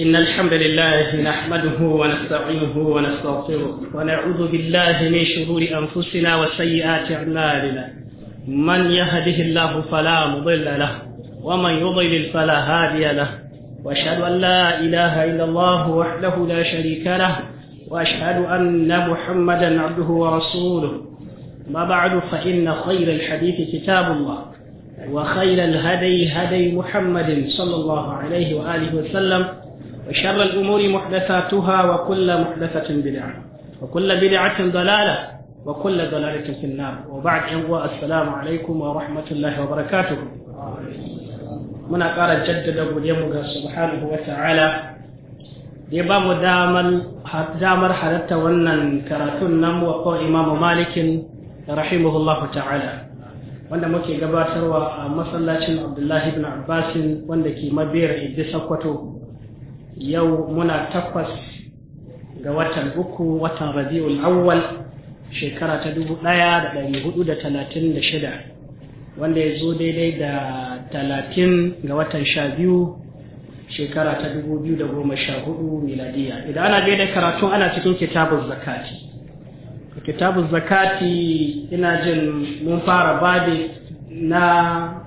إن الحمد لله نحمده ونستعينه ونستغفره ونعوذ بالله من شرور أنفسنا وسيئات أعمالنا من يهده الله فلا مضل له ومن يضلل فلا هادي له وأشهد أن لا إله إلا الله وحده لا شريك له وأشهد أن محمدا عبده ورسوله ما بعد فإن خير الحديث كتاب الله وخير الهدي هدي محمد صلى الله عليه وآله وسلم وشر الأمور محدثاتها وكل محدثة بدعة وكل بدعة ضلالة وكل ضلالة في النار وبعد أنواع السلام عليكم ورحمة الله وبركاته من قال جدد أبو اليمغ سبحانه وتعالى ya ba mu damar halatta wannan karatun nan wa ko imamu malikin rahimahullahu ta'ala wanda muke gabatarwa a masallacin abdullahi ibn abbasin wanda ke mabiyar iddi sakwato yau muna takwas ga watan uku watan rabi'ul awwal shekara ta dubu ɗaya da ɗari hudu da talatin da shida wanda ya zo daidai da talatin ga watan sha biyu shekara ta dubu biyu da goma sha hudu miladiya idan ana daidai karatu ana cikin kitabun zakati kitabun zakati ina jin mun fara bade na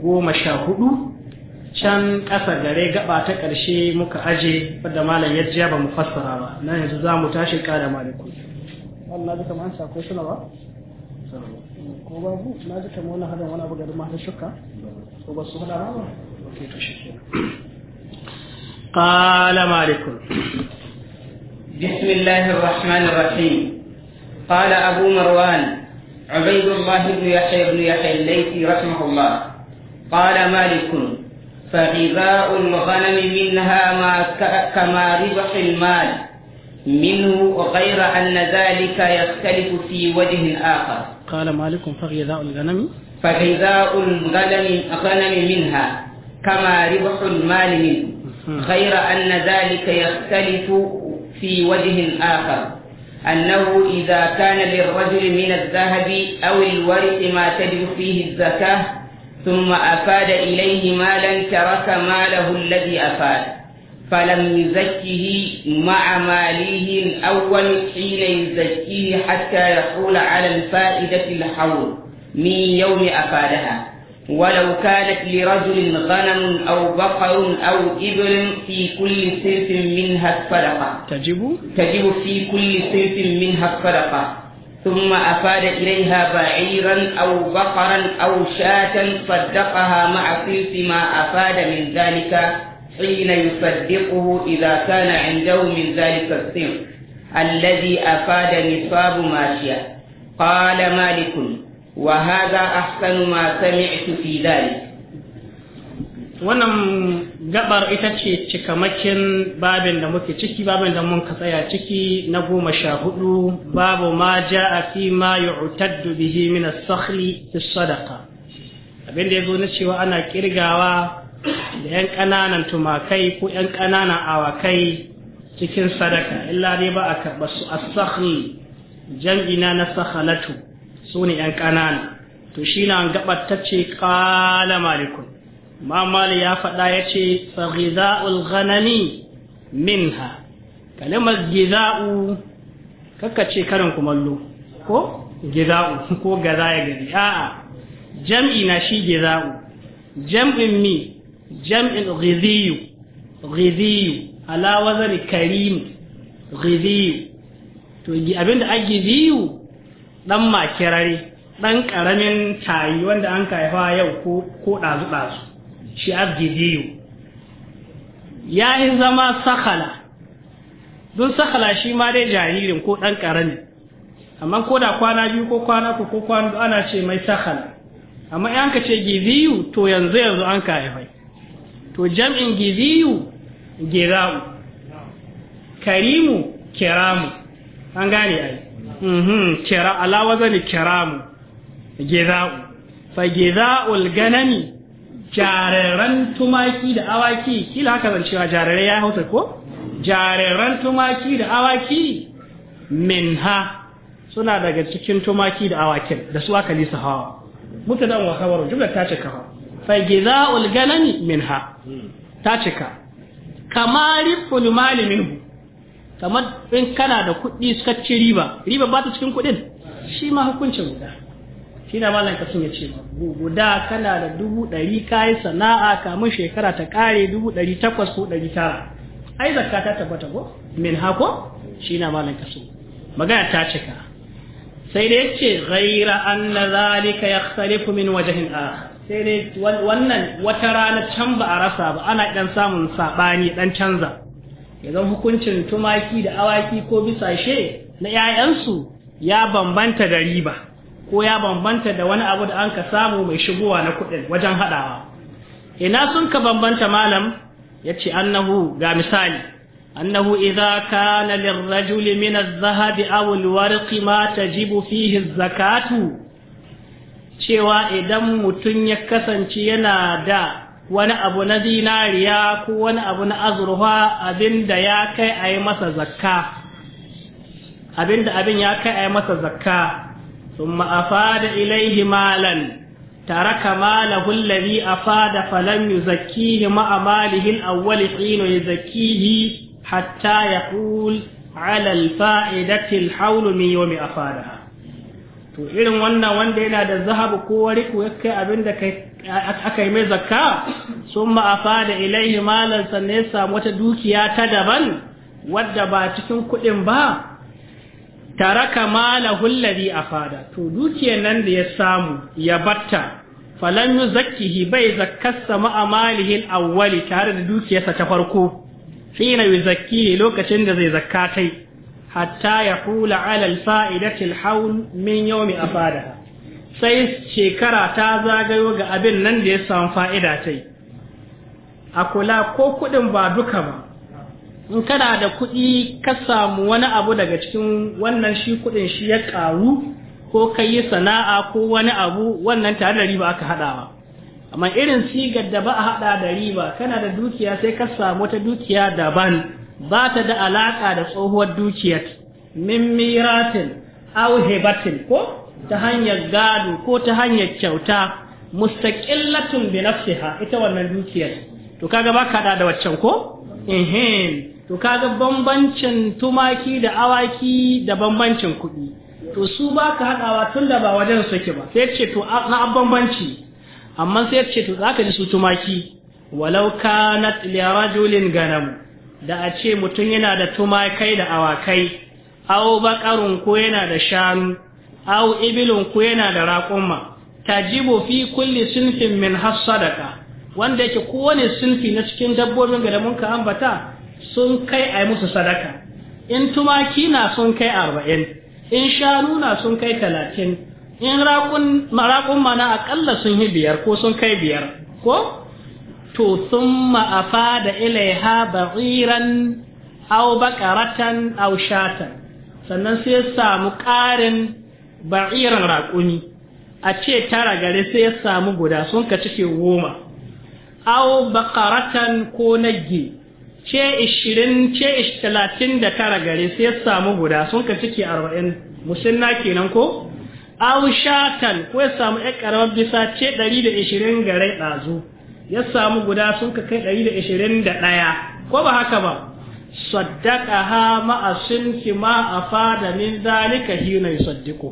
goma sha hudu can ƙasa gare gaba ta ƙarshe muka aje wadda malam ya jiya ba mu fassara ba na yanzu za mu tashi ƙara maliku Allah duka an sa ko suna ba ko ba babu na ji kamar wani hadin wani abu garin mahar shuka ko ba su hada ba ke to shi قال مالك بسم الله الرحمن الرحيم قال أبو مروان عبيد الله بن يحيى بن يحيى الليثي رحمه الله قال مالك فغذاء الغنم منها ما كما ربح المال منه غير أن ذلك يختلف في وجه آخر قال مالك فغذاء الغنم فغذاء الغنم غنم منها كما ربح المال منه غير أن ذلك يختلف في وجه آخر أنه إذا كان للرجل من الذهب أو الورق ما تجب فيه الزكاة ثم أفاد إليه مالا ترك ماله الذي أفاد فلم يزكه مع ماله الأول حين يزكيه حتى يحول على الفائدة الحول من يوم أفادها ولو كانت لرجل غنم أو بقر أو إبل في كل صنف منها الصدقة تجب تجب في كل صنف منها الصدقة ثم أفاد إليها بعيرا أو بقرا أو شاة صدقها مع صلت ما أفاد من ذلك حين يصدقه إذا كان عنده من ذلك الصنف الذي أفاد نصاب ماشية قال مالك وهذا أحسن ما سمعت في ذلك wannan gabar ita ce cikamakin babin da muke ciki babin da mun ka tsaya ciki na goma sha hudu babu ma ja a fi ma yu'taddu bihi min sakhli fi sadaka. abin da zo na cewa ana kirgawa da yan kananan tumakai ko yan kananan awakai cikin sadaka illa dai ba a karɓa su a sakhli jam'ina na sakhalatu sune yan kanana to shi na gabar ta ce kala malikun mamali ya faɗa ya ce faghiza'ul ghanami minha kalimar giza'u kakka ce karin kumallo ko giza'u ko gaza ya gari a'a jam'i na shi giza'u jam'in mi jam'in ghiziyu ghiziyu ala wazani karim ghiziyu to abinda a ghiziyu dan makirare dan karamin tayi wanda an kaifa yau ko ɗazu-ɗazu. shi biyu ya yi zama sakhala don sakhala shi ma dai jaririn ko ɗan ƙarami amma ko da kwana biyu ko kwana ku ko kwana ana ce mai sakhala amma in ka ce giziyu to yanzu yanzu an ka haifai to jam'in giziyu giramu karimu kiramu an gane ai mhm, kira ala wazani kiramu gida'u fa giza'ul ganami jararen tumaki da awaki kila haka zan cewa jarare ya hausa ko jararen tumaki da awaki minha suna daga cikin tumaki da awakin da su aka lisa hawa da wa khabarun jumla ta cika fa fa gizaul min minha ta cika kamari fulmali minhu kamar in kana da kuɗi suka ci riba riba ba ta cikin kuɗin shi ma hukuncin guda shine malam kasu ya ce guda kana da dubu ɗari kayi sana'a kamun shekara ta kare dubu ɗari takwas ko ɗari tara ai zakka ta tabbata ko min hako shine malam kasu magana ta cika sai da yace ghaira anna zalika yakhtalifu min wajhin akhar sai dai wannan wata rana can ba a rasa ba ana dan samun sabani dan canza yanzu hukuncin tumaki da awaki ko bisashe na 'ya'yansu ya bambanta da riba ko ya bambanta da wani abu da an ka samu mai shigowa na kuɗin wajen haɗawa ina sun ka bambanta malam ya ce annahu ga misali annahu idza kana lirrajuli min az-zahabi aw al kima ma tajibu fihi zakatu cewa idan mutum ya kasance yana da wani abu na zinariya ko wani abu na azurfa abinda ya kai a yi masa zakka abinda abin ya kai a yi masa zakka ثم أفاد إليه مالا ترك ماله الذي أفاد فلم يزكيه مع ماله الأول حين يزكيه حتى يقول على الفائدة الحول من يوم أفادها to irin wannan wanda yana da zahabu ko wari ko kai abin da aka yi mai zakka sun ma'afa da ilaihi malan sannan ya samu wata dukiya ta daban wadda ba cikin kuɗin ba taraka malahu a fada, to dukiya nan da ya samu ya batta falan yuzakkihi bai zakkarsa ma'amalihin malihi awwali tare da dukiyarsa ta farko yi yuzakkihi lokacin da zai zakkatai hatta ya ala alal faidati al-hawl min yawmi afada sai shekara ta zagayo ga abin nan da ya samu fa'ida tai a kula ko kuɗin ba duka ba in kana da kuɗi ka samu wani abu daga cikin wannan shi kuɗin shi ya ƙaru ko ka yi sana'a ko wani abu wannan tare da riba aka haɗawa amma irin sigar da ba a haɗa da riba kana da dukiya sai ka samu wata dukiya daban ba ta da alaƙa da tsohuwar dukiyar min miratin au hebatin ko ta hanyar gado ko ta hanyar kyauta mustaqillatun bi nafsiha ita wannan dukiyar to kaga ba ka da waccan ko ehem to kaga bambancin tumaki da awaki da bambancin kuɗi to su ba ka haɗawa tun da ba wajen suke ba sai ce to na bambanci amma sai ce to za ka ji su tumaki walau kanat lirajulin ganamu da a ce mutum yana da tumakai da awakai Au bakarun ko yana da shanu Au ibilun ko yana da raƙumma tajibu fi kulli sinfin min hasadaka wanda yake kowane sinfi na cikin dabbobin ga da mun ka ambata sun kai a musu sadaka in tumaki na sun kai arba'in in shanu na sun kai talatin in raƙun mana aƙalla sun yi biyar ko sun kai biyar ko to sun ma'afa da ilaiha ba'iran au baƙaratan au shatan sannan sai samu ƙarin ba'iran raƙumi a ce tara gare sai ya samu guda sun ka cike goma au bakaratan ko nagge ce 20 ce 39 gare sai ya samu guda sun ka cike 40 musinna kenan ko aw shatan ko ya samu ɗan karamar bisa ce 120 gare ɗazu ya samu guda sun ka kai 121 ko ba haka ba ha ma'a ki ma fada min zalika hina yusaddiquhu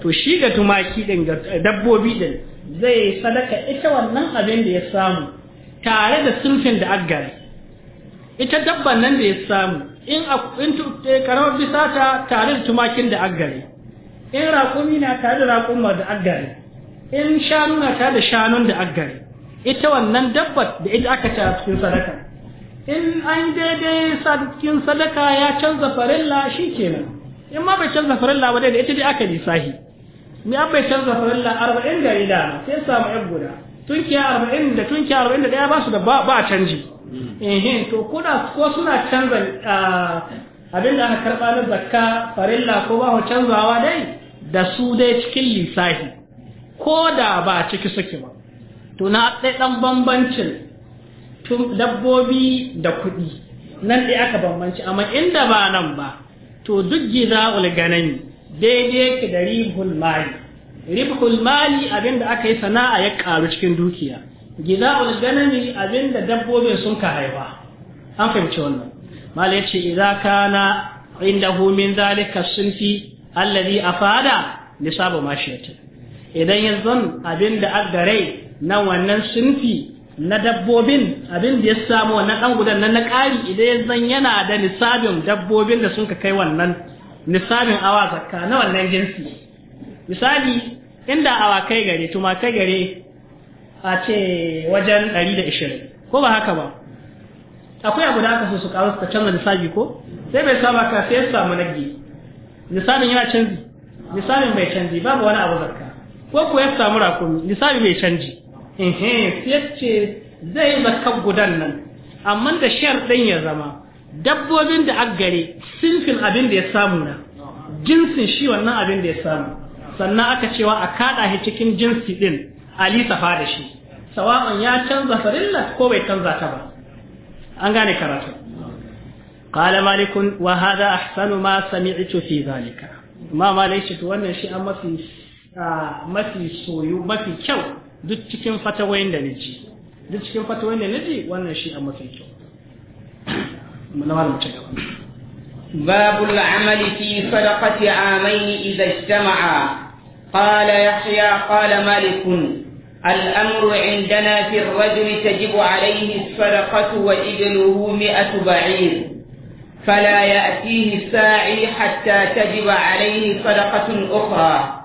to shi ga tumaki ga dabbobi ɗin zai sadaka ita wannan abin da ya samu tare da sunfin da aggari ita dabban nan da ya samu in in eh, karamar bisa ta tare da tumakin da aggare in raƙumi na tare da raƙumar da aggare in shanu na tare da shanun da aggare ita wannan dabbar da ita aka ta cikin sadaka in an daidai cikin sadaka ya canza farilla shi kenan in ma bai canza farilla ba dai da ita dai aka lissahi ni an bai canza farilla arba'in gari da sai samu yan guda tunkiya arba'in da tunkiya arba'in da ɗaya ba su da ba canji hmm. ehin to kuna ko suna canza abin da aka karɓa na zakka farilla ko ba canzawa dai da su dai cikin lissafi ko da ba ciki suke ba to na ɗai ɗan bambancin dabbobi da kuɗi nan ɗai aka bambanci amma inda ba nan ba to duk gida ulganani daidai ki da ribul mali ribhul mali abinda aka yi sana'a ya karu cikin dukiya gida'ul ganami abinda dabbobin sun ka haifa an fahimci wannan malai yace idza kana indahu min zalika sinfi alladhi afada nisabu mashiyati idan ya yanzon abinda agare na wannan sinfi na dabbobin abin ya samu na dan gudan nan na ƙari idan ya zan yana da nisabin dabbobin da sun ka kai wannan nisabin awa zakka na wannan jinsi misali inda kai gare kai gare a ce wajen 120 ko ba haka ba akwai abu da aka so su kawo su canza nisabi ko sai bai saba ka sai ya samu nagi Nisabin yana canji Nisabin bai canji babu wani abu zarka ko ko ya samu rakumi Nisabi bai canji ehe sai ya ce zai zaka gudan nan amma da shayar din ya zama dabbobin da aggare sinfin abin da ya samu na jinsin shi wannan abin da ya samu sannan aka cewa a kada shi cikin jinsi din ali safa da shi sawa'an ya canza farilla ko bai canza ta ba an gane karatu qala malikun wa hadha ahsanu ma sami'tu fi zalika ma malai shi wannan shi an mafi mafi soyu mafi kyau duk cikin fatawayin da niji duk cikin fatawayin da niji wannan shi an mafi kyau mun mu ci gaba باب العمل في صدقة عامين إذا اجتمعا قال يحيى قال مالك الأمر عندنا في الرجل تجب عليه الصدقة وإبله مئة بعير فلا يأتيه الساعي حتى تجب عليه صدقة أخرى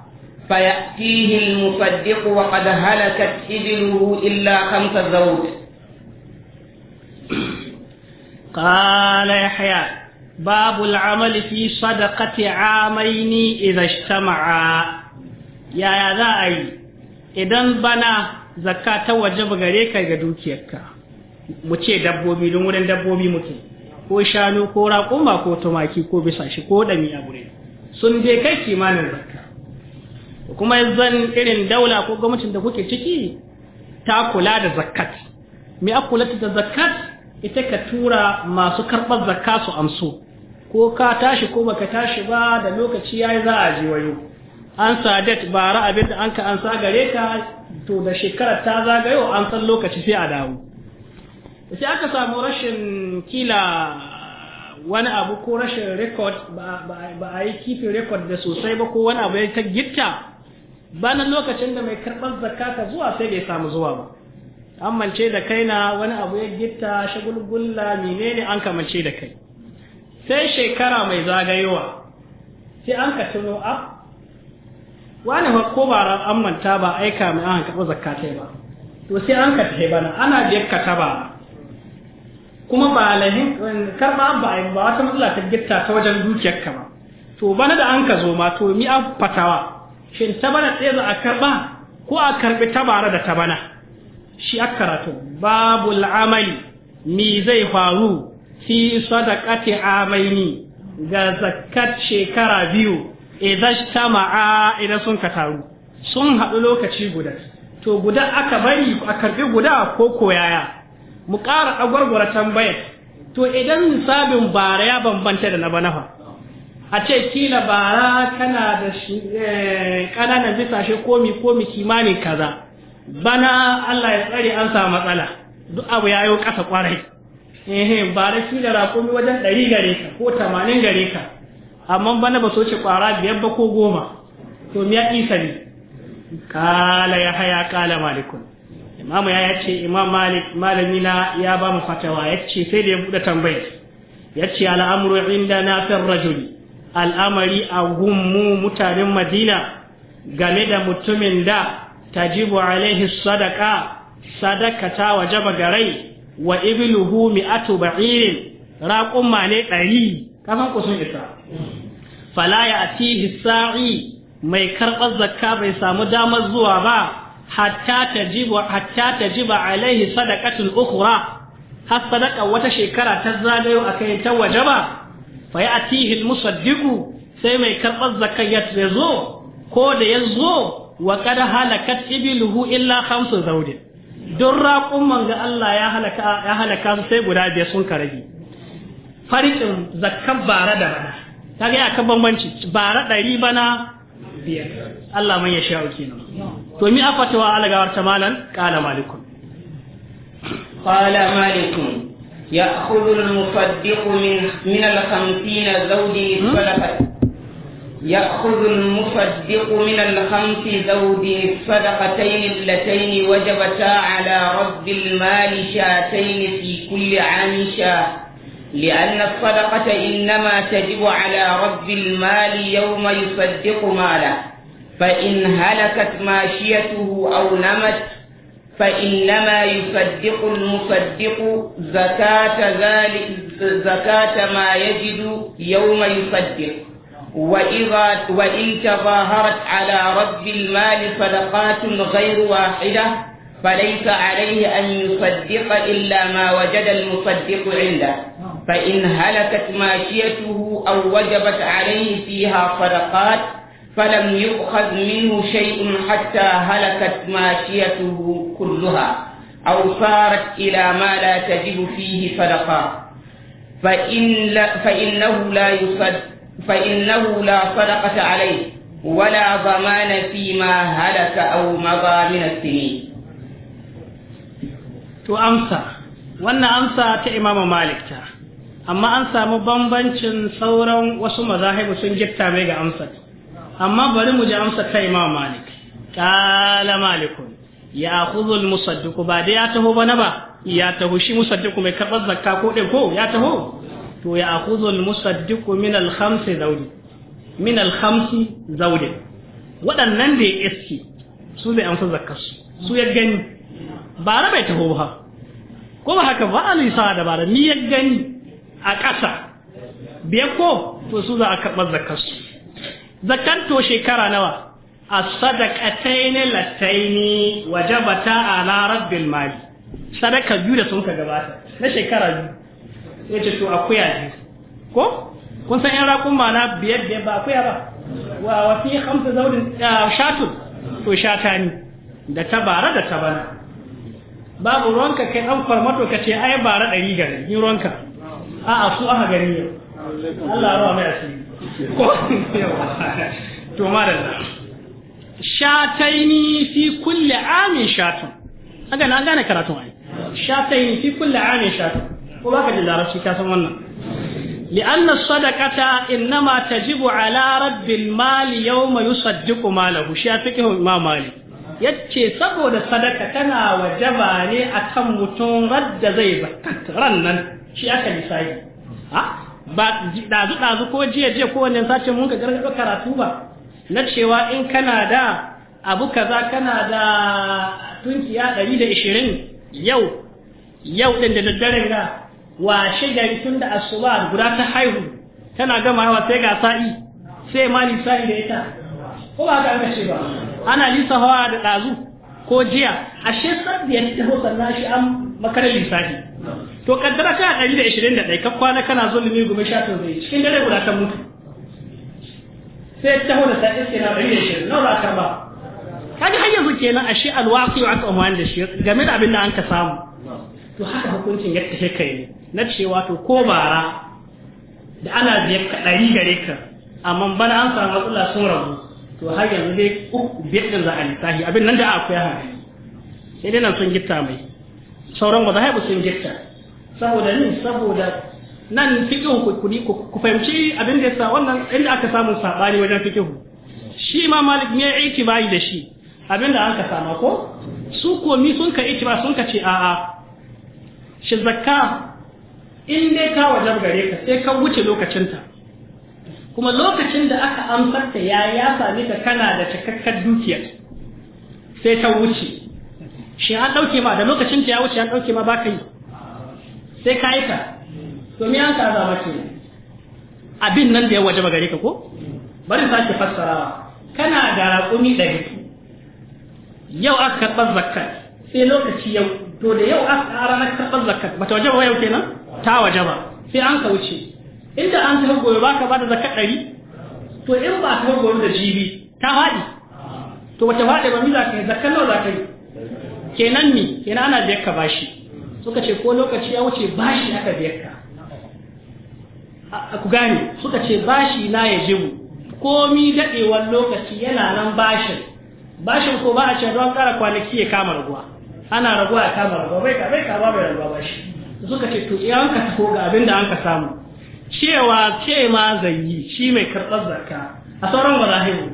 فيأتيه المصدق وقد هلكت إبله إلا خمس زوج قال يحيى باب العمل في صدقة عامين إذا اجتمعا yaya za a yi idan bana zakka ta waje gare ka ga dukiyarka mu ce dabbobi don wurin dabbobi muke ko shanu ko raƙuma ko tumaki ko bisa shi ko dami a gure sun je kai kimanin zakka kuma zan irin daula ko gwamnatin da kuke ciki ta kula da zakkat me akula da zakkat ita ka tura masu karɓar zakka su amso ko ka tashi ko baka tashi ba da lokaci yayi za a je wayo an sadat bara abin da an ka an sa gare ka to da shekarar ta zagayo an san lokaci sai a dawo sai aka samu rashin kila wani abu ko rashin record ba a yi kifin record da sosai ba ko wani abu ya ta gitta lokacin da mai karɓar zakata zuwa sai bai samu zuwa ba an mance da kai na wani abu ya gitta shagulgulla menene an kamance da kai sai shekara mai zagayowa sai an ka tuno a wani ba ko ba an manta ba aika mai an karɓi zakka ba to sai an ka bana ana da ta ba kuma ba lahin karɓa ba a yi ba wata matsala ta gitta ta wajen dukiyar ka ba to bana da an ka zo ma to mi an fatawa shin ta bana tsaye za a karɓa ko a karɓi tabara da ta bana shi a karatu babu al'amali mi zai faru fi sadaqati amaini ga zakat shekara biyu idhajtama'a idan sun ka taru sun haɗu lokaci guda to guda aka bari a karɓi guda ko koyaya mu ƙara ɗagwargwara tambayar to idan nisabin bara ya bambanta da na banafa a ce kila bara tana da eh, ƙananan bisashe komi komi kimanin kaza bana Allah ya tsare an samu matsala duk abu ya yi ƙasa ƙwarai bara kila raƙumi wajen ɗari gare ka ko tamanin gare ka amma bana ba so ce kwara biyar ba ko goma to miya isa ne kala ya haya kala malikun imamu ya ya ce imam malik malami na ya ba mu fatawa ya ce sai da ya buɗe tambayi. ya ce al'amuru inda na fin rajuli al'amari a gummu mutanen madina game da mutumin da tajibu alaihi sadaka sadaka ta waje bagarai wa ibiluhu mi'atu ba'irin raƙumma ne ɗari kafin kusun isa fala ya atihi sa'i mai karɓar zakka bai samu damar zuwa ba hatta jiba hatta tajiba alaihi sadaqatul ukhra har sadaqa wata shekara ta zagayo akai ta wajaba fa ya atihi musaddiqu sai mai karɓar zakka ya zo ko da ya zo wa kad halakat ibiluhu illa khamsu zawdin don raƙun ga Allah ya halaka ya halaka sai guda biyar sun karbi farikin zakkan bara da rana kaga ya kan bambanci bara ɗari bana biyar Allah man ya sha'u kenan to mi afatawa alagawar ta malan qala malikun qala malikun يأخذ المصدق من من الخمسين زوج صدقة يأخذ المصدق من الخمس زوج الصدقتين اللتين وجبتا على رب المال شاتين في كل عام شاه لأن الصدقة إنما تجب على رب المال يوم يصدق ماله فإن هلكت ماشيته أو نمت فإنما يصدق المصدق زكاة ذلك زكاة ما يجد يوم يصدق وإذا وإن تظاهرت على رب المال صدقات غير واحدة فليس عليه أن يصدق إلا ما وجد المصدق عنده فإن هلكت ماشيته أو وجبت عليه فيها صدقات فلم يؤخذ منه شيء حتى هلكت ماشيته كلها أو صارت إلى ما لا تجب فيه صدقة فإن لا فإنه لا يصد فإنه لا صدقة عليه ولا ضمان فيما هلك أو مضى من السنين to amsa wannan amsa ta imama malik ta amma an samu bambancin sauran wasu mazahibu sun gitta mai ga amsa amma bari mu ji amsa kai ma malik Kala malikun ya akhudhu al musaddiq ba da ya taho bana ba ya taho shi musaddiq mai karbar zakka ko din ko ya taho to ya akhudhu al musaddiq min al khams zawdi min al khams zawdi waɗannan da ya iski su zai amsa zakkarsu su ya gani ba ra bai taho ba ko ba haka ba alisa da ba ni ya gani a ƙasa biya ko to su za a karɓar zakarsu zakanto shekara nawa a sadaka waje ba ta a larar mali sadaka biyu da sun ka gabata na shekara biyu ya ce to akuya biyu ko kun san yan rakun na biyar biyar ba akuya ba wa wafi hamsa zaunin shatu to shata ne, da ta bara da ta bana. babu ruwanka kai an farmato ka ce ai bara ɗari gari ni ruwanka a'a su aka gani yau Allah rawa mai asiri ko to madalla shataini fi kulli amin shatu aga na gane karatu. ai shataini fi kulli amin shatu ko baka da larabci ka san wannan لأن الصدقة إنما تجب على رب المال يوم يصدق ماله شافكه ما مالي yace saboda sadaka tana wajaba ne akan mutum radda zai zakat nan shi aka misali ba dazu dazu ko jiya jiya ko wannan sace mun ka gargado karatu ba na cewa in kana da abu kaza kana da ya 120 yau yau din da daddare ga wa shiga tun da asuba guda ta haihu tana gama yawa sai ga sa'i sai ma sa'i da ita ko ba ga ce ba ana lisa hawa da dazu ko jiya ashe sabbi ya ta sannan shi an makarar lissafi to kaddara kana ɗari da ishirin da ɗaya ka kwana kana zulumi goma sha tara zai cikin dare guda ta mutu sai ta da ta iske na ɗari da ishirin nawa za ka ba kaji har yanzu kenan ashe alwaqi wa aka umarni da shi game da abin da an ka samu to haka hukuncin yadda take kai ne na cewa to ko bara da ana biyar ka ɗari gare ka amma bana an samu matsala sun rabu to har yanzu dai uku biyar za a littafi abin nan da akwai ha sai dai nan sun gitta mai sauran ba za a sun gitta saboda ni saboda nan fiqhu ku ku fahimci abin da yasa wannan inda aka samu sabani wajen fiqhu shi ma malik me aiki bai da shi abin da an ka sama ko su komi sun ka ba sun ka ce a'a shi zakka in dai ka wajen gare ka sai ka wuce lokacinta kuma lokacin da aka amsar ta ya ya sami ta kana da cikakkar dukiya sai ta wuce shi an dauke ma da lokacin ta ya wuce an dauke ma baka yi sai ka yi ka. to me an kaza ba ke abin nan da ya waje gare ka ko bari ki fassarawa kana da raƙumi ɗari yau aka karɓar zakkar sai lokaci yau to da yau aka ranar karɓar zakkar ba ta waje ba yau kenan ta waje ba sai an ka wuce inda an ta gobe ba ka bada zakka ɗari to in ba ta gobe da jibi ta faɗi to wata faɗi ba mi za ka yi zakka nawa za ka yi kenan ni kenan ana biyar ka bashi suka ce ko lokaci ya wuce bashi aka biyar ka ku gane suka ce bashi na ya jibu komi daɗewar lokaci yana nan bashin bashin ko ba a ce don ƙara kwanaki ya kama raguwa ana raguwa ya kama raguwa bai ka bai ka ba bai raguwa bashi suka ce to iyan eh, ka ko ga abin da an ka samu cewa ce ma zai shi mai karɓar zakka a sauran mazahibu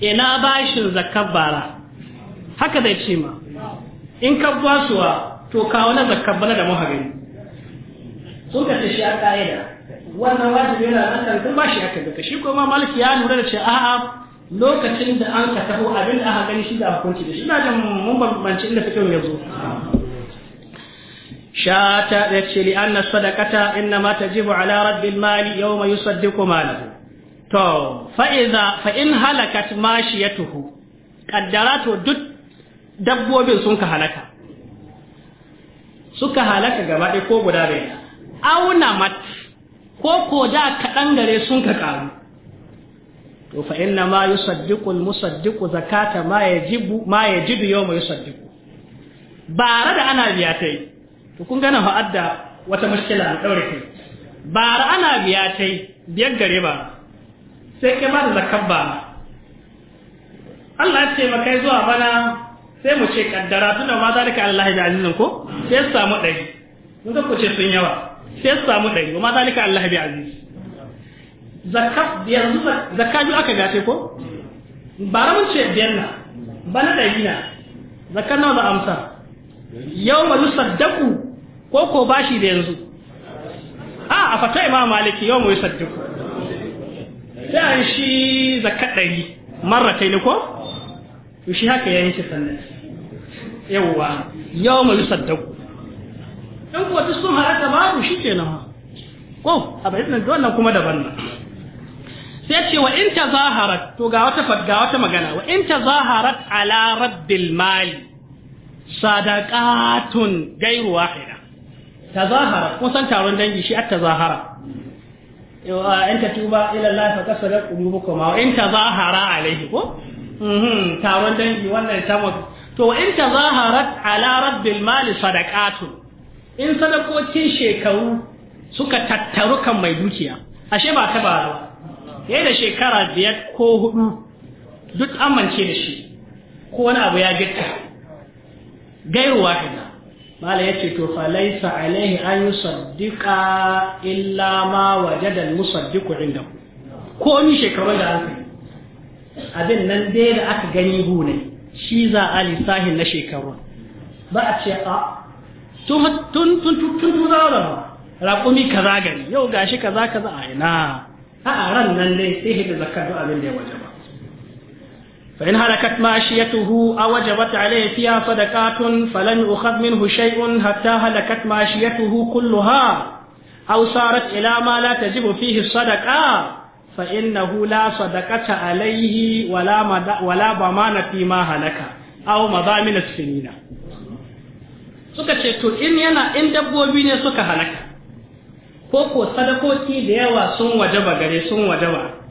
ina bashin zakar bara haka zai ce ma in ka basuwa to kawo na zakar bana da muka gani sun ka shi a ƙa'ida wannan wajibi yana nan kan kun bashi aka daga shi kuma maliki ya lura da ce a'a lokacin da an ka taho abin da aka gani shi da hukunci da shi na da mun bambanci inda fikin ya zo shata da ce li anna sadaqata inna ma tajibu ala rabbil mali yawma yusaddiqu malahu to fa idha fa in halakat mashiyatuhu qaddaratu duk dabbobin sun ka halaka suka halaka gaba ɗaya ko guda bai auna mat ko ko da kaɗan gare sun ka ƙaru to fa inna ma yusaddiqu al musaddiqu zakata ma yajibu ma yajidu yawma yusaddiqu bare da ana biya ta yi to kun gana fa'adda wata mashkila an daure kai ba ana biya tai biyar gare ba sai ke ba da zakar ba Allah ce makai zuwa bana sai mu ce kaddara tunda ma za zalika Allah ya azizin ko sai ya samu ɗari mun ga kuce sun yawa sai ya samu ɗari ma zalika Allah ya aziz zakat yanzu zakar biyu aka gace ko bara mun ce biyar na bana ɗari na zakar nawa za amsa yau ma yusaddaku ko ko bashi da yanzu a a fata imam maliki yau mai sadduku sai shi zakat ɗari marratai ne ko shi haka yayin shi sannan yawwa yau mai sadduku ɗan kuwa ta sun haɗa babu shi kenan nan ko a bai bayan wannan kuma daban nan sai ce wa in ta zaharat to ga wata ga wata magana wa in ta zaharat ala raddil mali sadaqatun gairu wahida tazahara kun san taron dangi shi at tazahara in ta tuba ila Allah fa kasarat qulubukum wa in tazahara alaihi ko mhm taron dangi wannan ta to wa in tazaharat ala rabbil mal sadaqatu in sadakokin shekaru suka tattaru kan mai dukiya ashe ba ta ba yayin da shekara biyar ko hudu duk amince da shi ko wani abu ya gitta gairuwa kenan mala ce to fa laysa alaihi an yusaddiqa illa ma wajada al-musaddiqu indahu ko ni shekarun da aka abin nan dai da aka gani gune shi za a lissahin na shekarun ba a ce a tun tun tun tun raƙumi kaza gari yau gashi kaza kaza a ina a ran nan dai sai hidda zakar abin da ya waje ba فإن هلكت ماشيته أو وجبت عليه فيها صدقات فلن يؤخذ منه شيء حتى هلكت ماشيته كلها أو صارت إلى ما لا تجب فيه الصدقة فإنه لا صدقة عليه ولا ولا ضمان فيما هلك أو مضامن السنين suka ce to in yana in dabbobi ne suka halaka ko ko sadakoki da yawa sun wajaba gare sun wajaba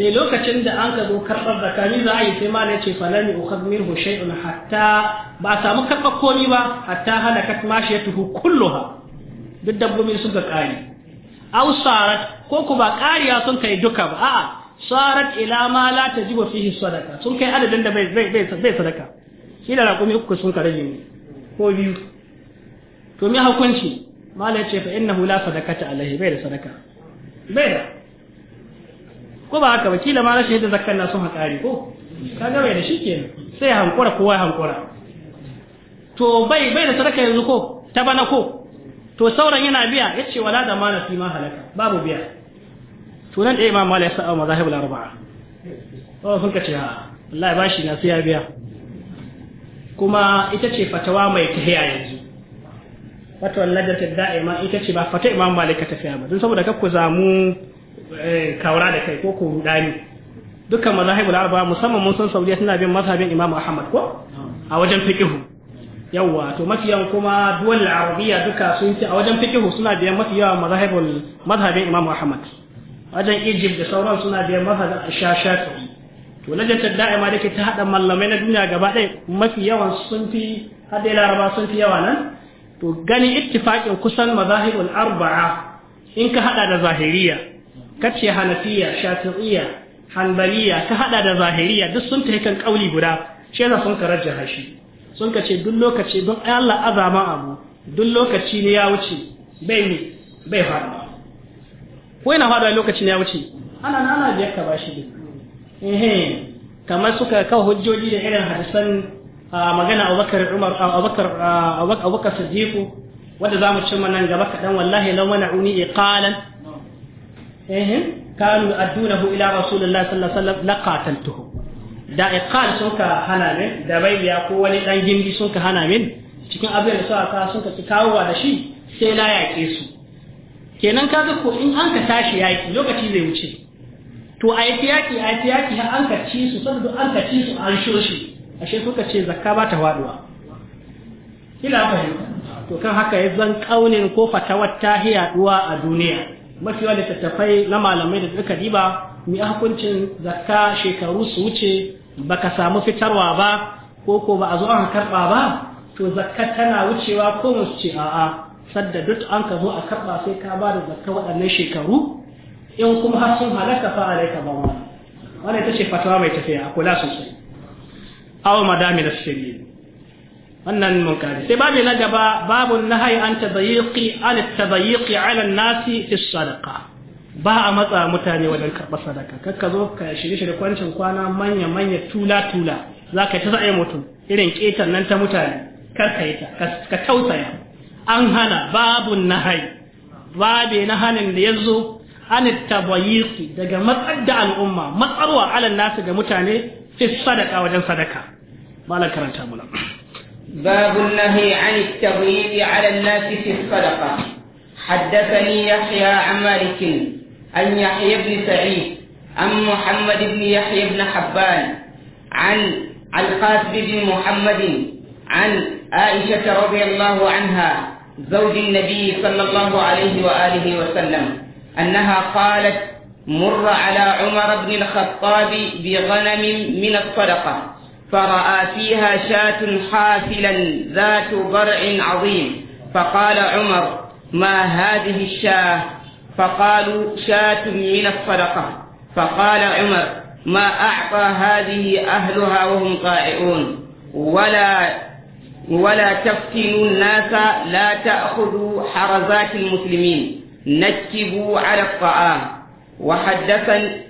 sai lokacin da an ka zo karɓar zakani za a yi sai ma na ce falan yi ukhad minhu hatta ba a samu karɓar komi ba hatta halakat mashiyatuhu kulluha duk dabbobin sun ga ƙari Au sarat ko ku ba ƙariya sun kai duka ba a'a sarat ila ma la tajibu fihi sadaka sun kai adadin da bai bai bai sadaka shi da raƙumi uku sun ka rage ne ko biyu to me hukunci malai ce fa innahu la sadakata alaihi bai da sadaka bai da ko ba haka ba ma rashin yadda zakkan na sun haƙari ko Ka bai da shi kenan sai hankura kowa hankura to bai bai da sadaka yanzu ko ta bana ko to sauran yana biya ya ce wala da mana fi ma halaka babu biya to nan da imam malik ya sa'a mazahibul arba'a to sun kace ha wallahi bashi na sai ya biya kuma ita ce fatawa mai tahiya yanzu fatawar ladar ta da'ima ita ce ba fata imam malik ka tafiya ba don saboda kakku zamu Eh, kawara da kai ko ko rudani dukkan mazahibul arba musamman mun san saudiya suna bin mazhabin imamu ahmad ko a wajen fikihu. yawa to mafiyan kuma duwal arabiya duka sun ce a wajen fikihu suna biyan mafiya mazhabul mazhabin imamu ahmad wajen egypt da sauran suna biyan mazhabin shashafi to lajantar da'ima da ke ta haɗa mallamai na duniya gaba ɗaya mafi yawan sun fi har laraba sun fi yawa nan to gani ittifaƙin kusan mazahibul arba'a in ka haɗa da zahiriya kace hanafiya shafi'iyya hanbaliya ka hada da zahiriya duk sun ta kan kauli guda shi yasa sun karajja hashi sun kace duk lokaci don Allah azama abu duk lokaci ne ya wuce bai ne bai faɗa ko yana faɗa lokaci ne ya wuce ana ana biyar ka bashi duk eh kamar suka kawo hujjoji da irin hadisan magana abubakar umar abubakar abubakar sadiku wanda za mu cimma nan gaba kaɗan wallahi lau mana uni iqalan eh kanu adunahu ila rasulillahi sallallahu alaihi wasallam laqataltuhu da iqal sun ka hana min da bayya ko wani dan gindi sun ka hana min cikin abin da suka kawo sun ka da shi sai na yaƙe su kenan kaga ko in an ka tashi yaƙi lokaci zai wuce to a yi yaƙi a yi yaƙi har an ka ci su saboda an ka ci su an shoshi ashe suka ce zakka ba ta faduwa kila fahimta to kan haka ya zan kaunin ko fatawar ta duwa a duniya mafi wani tattafai na malamai da suka diba mi hukuncin zakka shekaru su wuce baka samu fitarwa ba ko ko ba a zo an karba ba to zakka tana wucewa ko musu ce a'a sadda duk an ka zo a karba sai ka ba da zakka waɗannan shekaru in kuma har sun halaka fa alaika ba Wani ita ce fatawa mai tafiya a kula sosai aw madami da sirri wannan mun kare sai babu na gaba babu nahyi an tadayiqi an tadayiqi ala nasi fi sadaqa ba a matsa mutane wajen karɓar sadaka kakka zo ka shirye shirye kwancin kwana manya manya tula tula za ta sa'ai mutum irin ketan nan ta mutane kar yi ta ka tausaya an hana babu nahyi babu nahanin da ya an tabayiqi daga matsar da al'umma matsarwa ala nasi ga mutane fi sadaka wajen sadaka malan karanta mu باب النهي عن التغيير على الناس في الصدقة حدثني يحيى عن مالك عن يحيى بن سعيد عن محمد بن يحيى بن حبان عن القاسم بن محمد عن عائشة رضي الله عنها زوج النبي صلى الله عليه وآله وسلم أنها قالت مر على عمر بن الخطاب بغنم من الصدقة فرأى فيها شاة حافلا ذات برع عظيم فقال عمر ما هذه الشاة فقالوا شاة من الصدقة فقال عمر ما أعطى هذه أهلها وهم طائعون ولا ولا تفتنوا الناس لا تأخذوا حرزات المسلمين نكبوا على الطعام وحدثني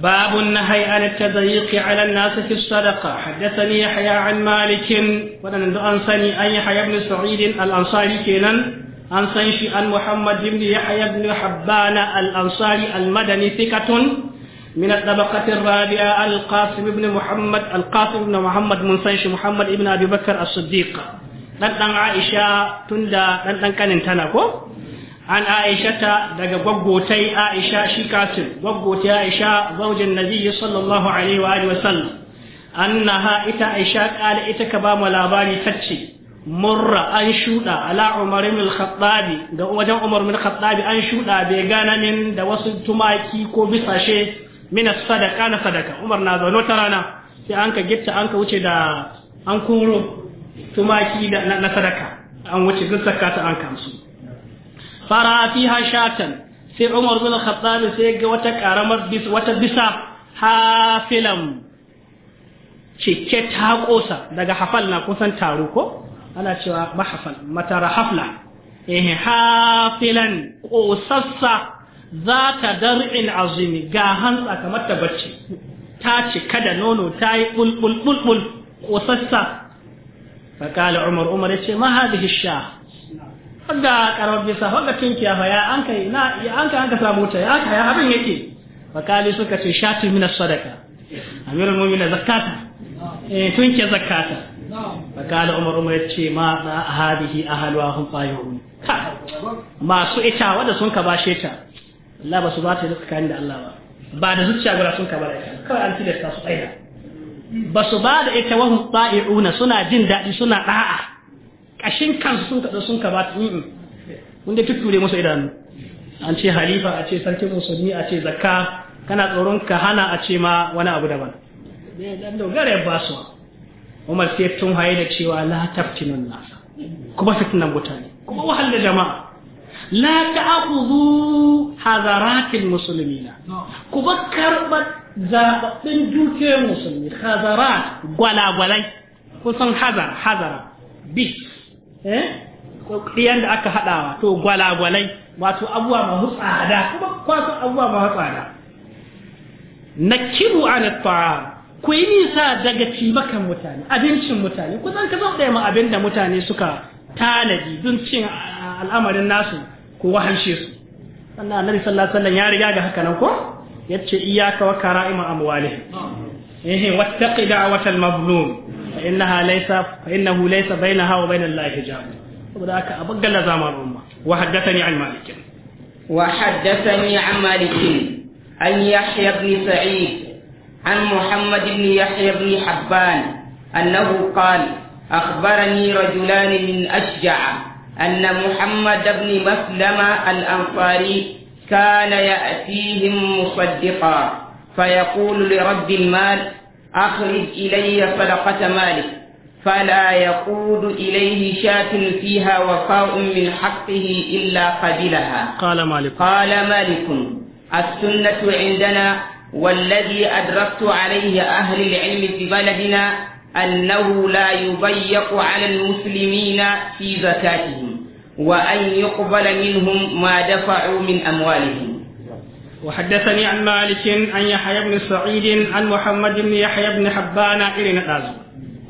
باب النهي عن التضييق على الناس في الصدقة حدثني يحيى عن مالك ولن أنسني أن يحيى بن سعيد الأنصاري كينا أنسني عن محمد بن يحيى بن حبان الأنصاري المدني ثقة من الطبقة الرابعة القاسم بن محمد القاسم بن محمد منسنش محمد بن أبي بكر الصديق dan dan Aisha tunda dan dan kanin tana ko an aishata daga gwaggotai aisha shi kasim gwaggotai aisha zaujin nabiyyi ita aisha kala ita ka ba labari tacce murra an shuda ala umar ibn al-khattab an shuda bai gana wasu tumaki ko bisashe min na sadaka umar na ta rana sai an ka da tumaki an fara fiha sai Umar bin Khattab sai ga wata karamar bis wata bisa hafilam cike ta kosa daga hafal na kusan taro ko ana cewa mahafal matara hafla eh hafilan kosassa za ta dar'in azumi ga hantsa kamar ta bacci ta cika da nono ta yi bulbulbulbul kosassa fa kala Umar Umar ya ce ma hadhihi sha wadda karar bisa wadda tinkiya fa ya an kai na ya an kai an ka samu ta ya kai abin yake bakali suka ce shatu min sadaka amirul mu'minin zakata eh tunkiya zakata bakali umar umar ce ma da ahadihi ahalwa hum qayyun masu ita wadda sun ka bashe ta Allah ba su ba ta rizka da Allah ba ba da zuciya gura sun ka bara ita kawai an tilasta su tsaya. ba su ba da ita wahum ta'i'una suna jin daɗi suna da'a kashin kansu sun kaɗa sun kabata mun dai tutture musu idanu an ce halifa a ce sarkin musulmi a ce zakka kana tsoron ka hana a ce ma wani abu daban dan dogara ya ba su Umar sai tun haye da cewa la taftinun nas kuma fitnan mutane kuma wahal da jama'a la ta'khudhu hadaratil muslimina Kuma bakkar zababbin dukiyoyin musulmi hazara gwalagwalai kun san hazar hazara bis ɗiyan eh? da aka haɗawa to gwalagwalai wato abuwa masu tsada kuma kwasan abuwa masu tsada na kiru an ta'a ku yi nisa daga cimakan mutane abincin mutane ku zan ka zan ma abin da mutane suka tanadi don cin al'amarin nasu ko wahalshe su sannan annabi sallallahu alaihi ya riga ga haka nan ko yace iyyaka wa kara'ima amwalihim eh فإنها ليس فإنه ليس بينها وبين الله حجاب وذاك أبقى زمان الأمة وحدثني عن مالك وحدثني عن مالك عن يحيى بن سعيد عن محمد بن يحيى بن حبان أنه قال أخبرني رجلان من أشجع أن محمد بن مسلم الأنصاري كان يأتيهم مصدقا فيقول لرب المال أخرج إلي صدقة مالك فلا يقود إليه شاة فيها وفاء من حقه إلا قبلها قال مالك قال مالك السنة عندنا والذي أدركت عليه أهل العلم في بلدنا أنه لا يضيق على المسلمين في زكاتهم وأن يقبل منهم ما دفعوا من أموالهم وحدثني عن مالك عن يحيى بن سعيد عن محمد بن يحيى بن حبان إلى نتازو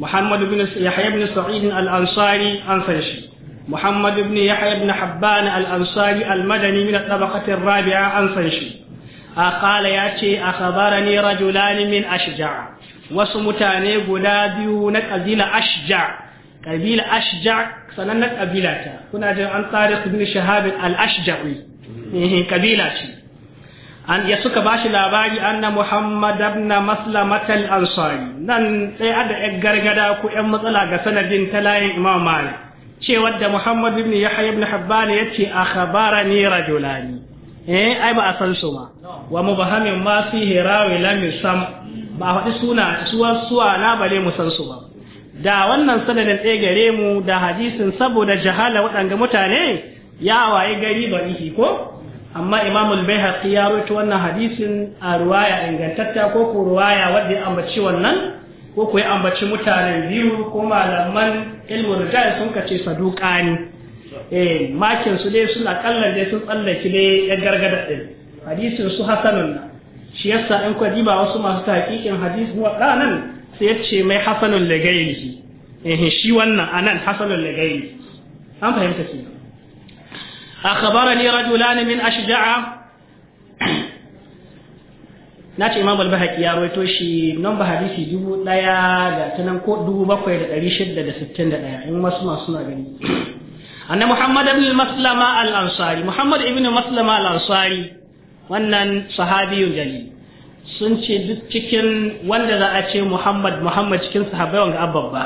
محمد بن يحيى بن سعيد الأنصاري أنصرشي محمد بن يحيى بن حبان الأنصاري المدني من الطبقة الرابعة أنصرشي قال ياتي أخبرني رجلان من أشجع وسمتاني قلابي نكذل أشجع قبيلة أشجع سنن قبيلة كنا جاء عن طارق بن شهاب الأشجعي قبيلة شي an ya suka bashi labari anna muhammad ibn maslamat al-ansari nan sai ada yan gargada ko yan matsala ga sanadin ta imam malik cewa da muhammad ibn yahya ibn habban yace akhbarani rajulani eh ai ba a san su ma wa mubahamin ma fi hirawi lam yusam ba faɗi suna suwa suwa na bale mu san su ba da wannan sanadin ɗaya gare mu da hadisin saboda jahala waɗanga mutane ya waye gari ba ihi ko amma imamul bayhaqi ya rute wannan hadisin a ruwaya ingantatta ko ko ruwaya wadda ya ambaci wannan ko ku ya ambaci mutanen biyu ko malaman ilmu ya sun kace ne eh makin su dai suna kallon dai sun tsallaki dai ya gargada din hadisin su hasanun shi yasa in ku diba wasu masu tahqiqin hadisi wa ranan sai ya ce mai hasanul lagairi eh shi wannan anan hasanul lagairi an fahimta shi أخبرني رجلان من أشجع nace imam al-bahaqi ya rawaito shi nan ba hadisi dubu daya da ta dubu bakwai da ɗari shida da sittin da ɗaya in wasu masu suna gani anna muhammad ibn maslama al-ansari muhammad maslama wannan sahabiyun jalil sun ce duk cikin wanda za a ce Muhammad Muhammad cikin sahabbai wanga ababba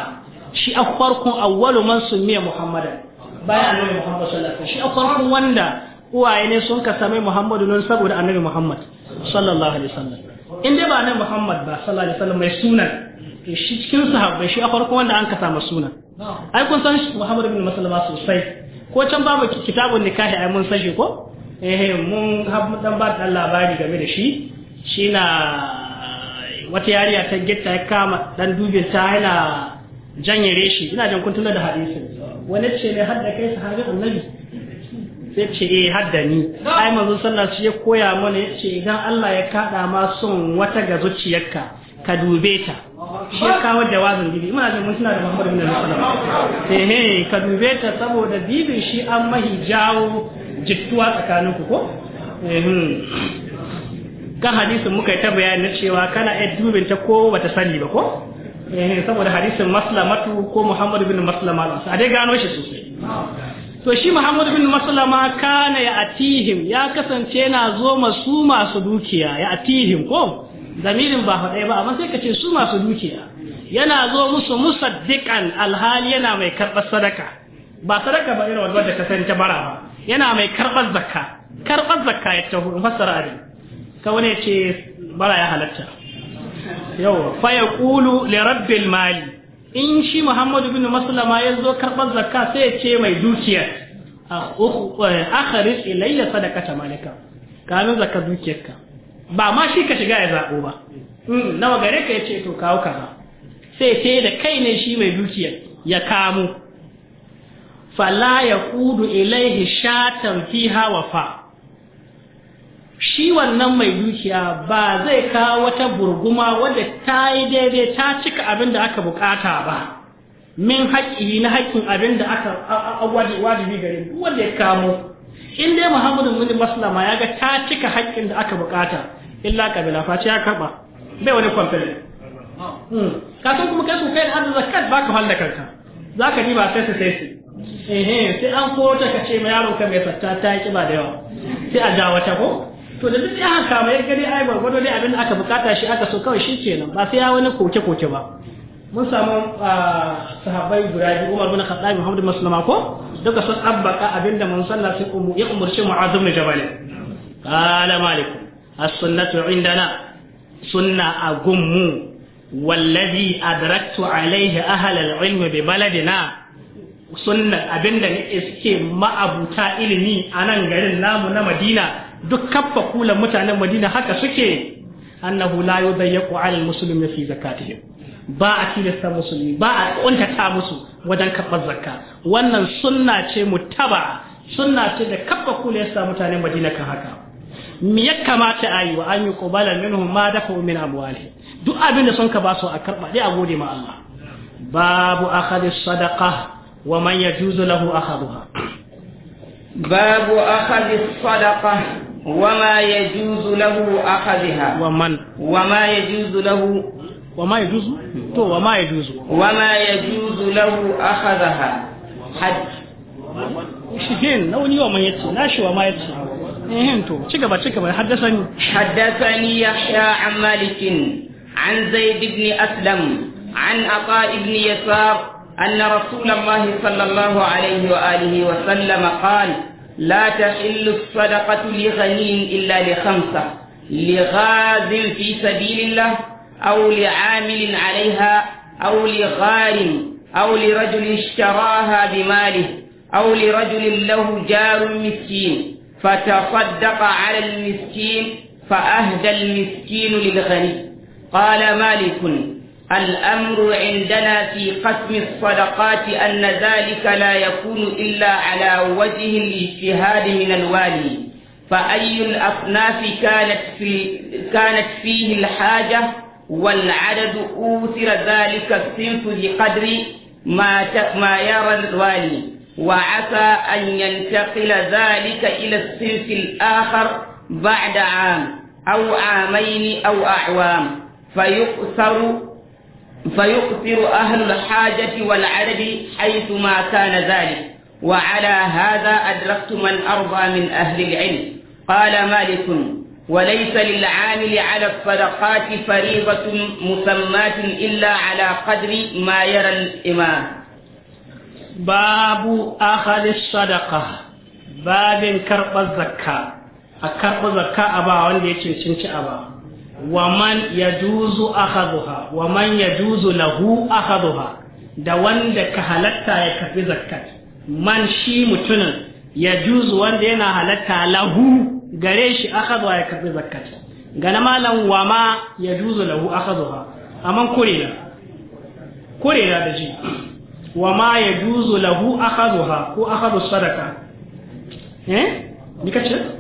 shi a farkon awwalu man miya Muhammadan bayan annabi Muhammad sallallahu alaihi wasallam shi akwai wanda uwaye ne sun ka same Muhammadu don saboda annabi Muhammad sallallahu alaihi wasallam in dai ba annabi Muhammad ba sallallahu alaihi wasallam mai suna to shi cikin sahabbai shi akwai wanda an ka samu suna ai kun san Muhammad ibn Maslama sosai ko can babu kitabun nikahi ai mun san shi ko eh mun dan ba da labari game da shi shi na wata yariya ta gitta ya kama dan dubin ta yana janyere shi ina jan kun da hadisin wani ce mai hadda kai sahabin annabi sai ce eh hadda ni ai manzo sallah shi ya koya mana yace ce idan Allah ya kada ma son wata ga zuciyarka ka dube ta shi ya kawo jawazin bibi ina da mutuna da Muhammadu bin Sallallahu eh eh ka dube ta saboda bibin shi an mahi jawo jittuwa tsakaninku ko eh kan hmm. hadisin muka yi ta bayani cewa kana iya dubinta ko bata sani ba ko eh saboda hadisin maslamatu ko muhammad bin maslama a dai gano shi sosai to shi muhammad bin maslama kana ya atihim ya kasance na zo masu masu dukiya ya atihim ko zamirin ba faɗai ba amma sai ka ce su masu dukiya yana zo musu musaddiqan alhali yana mai karɓar sadaka ba sadaka ba irin wanda ka san ta bara ba yana mai karɓar zakka karɓar zakka ya taho in fassara ne ka wani ce bara ya halatta yau faya kulu rabbil mali in shi muhammadu bin maslama ya zo karɓar zakka sai ya ce mai dukiyar ah, eh, da ilayya ta malika kamin zakka dukiyarka ba ma shi ka shiga ya zaɓo ba mm, nawa gare ka ya ce to kawo kaza sai ce da kai ne shi mai dukiyar ya kamu. fala ya kudu elaihi shatan fiha wafa shi wannan mai dukiya ba zai kawo wata burguma wadda ta yi daidai ta cika abin da aka bukata ba min haƙƙi na haƙƙin abin da aka wajibi gare duk wanda ya kamo in dai muhammadu muni maslama ya ga ta cika haƙƙin da aka bukata illa kabila face ya karɓa bai wani kwamfani hmm. ka san kuma kai su kai da zakat ba ka halla kanka za ka ba sai su sai su sai an kowace ka ce ma yaron ka mai fatta ta yi kiba da yawa sai a jawata ko to da duk aka kama ya gari ai gwargwado dai abin da aka bukata shi aka so kawai shi kenan ba sai ya wani koke koke ba mun samu ah, sahabbai guda biyu Umar bin Khattab Muhammad bin Maslama ko duka sun abbaka abinda mun sallah sai umu ya umurci Mu'adh bin Jabal qala malik as-sunnatu indana sunna agummu duk kaffa kulan mutanen madina haka suke annahu la yudayyaqu ala almuslimin fi zakatihim ba a tilasta musulmi ba a kuntata musu wajen karɓar zakka wannan sunna ce mutaba sunna ce da kaffa kula yasa mutanen madina kan haka me ya kamata a yi wa an yi qobala minhum ma dafa min amwali duk abin da sun ka ba su a karɓa dai a gode ma Allah babu akhadhi sadaqa wa man yajuzu lahu akhadha باب أخذ الصدقة وما يجوز له أخذها ومن وما يجوز له وما يجوز تو وما يجوز وما يجوز له أخذها حد شهين نون يوم يتسو ناشي وما يتسو إيهن تو شكبا شكبا حدثني حدثني يحيى عن مالك عن زيد بن أسلم عن أطاء بن يسار أن رسول الله صلى الله عليه وآله وسلم قال لا تحل الصدقة لغني إلا لخمسة لغازل في سبيل الله أو لعامل عليها أو لغار أو لرجل اشتراها بماله أو لرجل له جار مسكين فتصدق على المسكين فأهدى المسكين للغني قال مالك الأمر عندنا في قسم الصدقات أن ذلك لا يكون إلا على وجه الاجتهاد من الوالي فأي الأصناف كانت, في كانت فيه الحاجة والعدد أوثر ذلك الصنف بقدر ما, ما يرى الوالي وعسى أن ينتقل ذلك إلى الصنف الآخر بعد عام أو عامين أو أعوام فيقصر فيؤثر أهل الحاجة والعرب حيثما كان ذلك وعلى هذا أدركتم الأرض من أهل العلم قال مالك وليس للعامل على الصدقات فريضة مسماة إلا على قدر ما يرى الإمام باب أخذ الصدقة باب كرب الزكاة أكرب الزكاة أبا وندي تشنش أبا waman ya juzu akhadha waman juzu lahu akhadha da wanda ka halatta ya kafi zakat man shi mutumin juzu wanda yana halatta lahu gare shi akhadha ya kafi zakat gana malam wama ya juzu lahu akhadha aman kurena kurena da ji wama ya juzu lahu akhadha ko akhadhu sadaka eh ni kace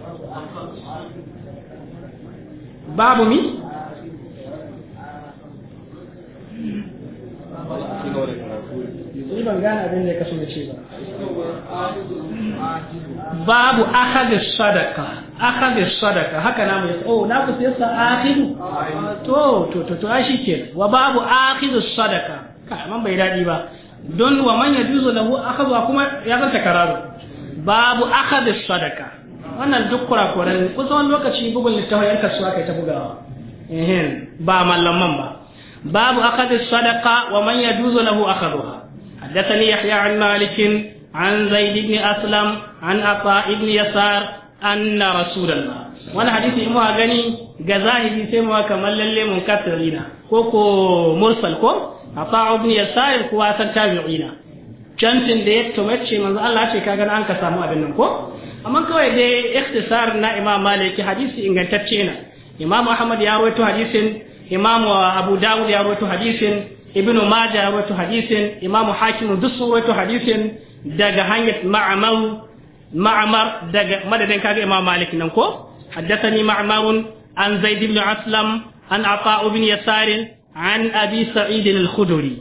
babu mi babu akhadhi sadaka akhadhi sadaka haka na mu oh na ku sai sa akhidu to to to to ashi ke wa babu akhidhu sadaka ka man bai dadi ba don wa man yajuzu lahu akhadha kuma ya zanta kararu babu akhadhi sadaka wannan duk kurakuran kusa wani lokaci bugun littafin yan kasuwa kai ta bugawa ba mallaman ba babu akadis sadaka wa man yajuzu lahu akhaduha حدثني يحيى malikin an عن زيد بن an عن عطاء بن يسار أن رسول الله wani hadisi mu a gani ga zahiri sai mu kamar lalle mun katarina ko ko mursal ko ata ibn yasar ko wasan tabi'ina cancin da ya tumace manzo Allah ce kaga an ka samu abin nan ko amma kawai dai ikhtisar na imam malik hadisi ingantacce na imam ahmad ya rawaito hadisin imam abu dawud ya rawaito hadisin ibnu majah ya rawaito hadisin imam hakim duk sun rawaito hadisin daga hanyar ma'amar ma'amar daga madadin kaga imam malik nan ko haddathani ma'mar an zaid ibn aslam an ata ibn yasar an abi sa'id al-khudri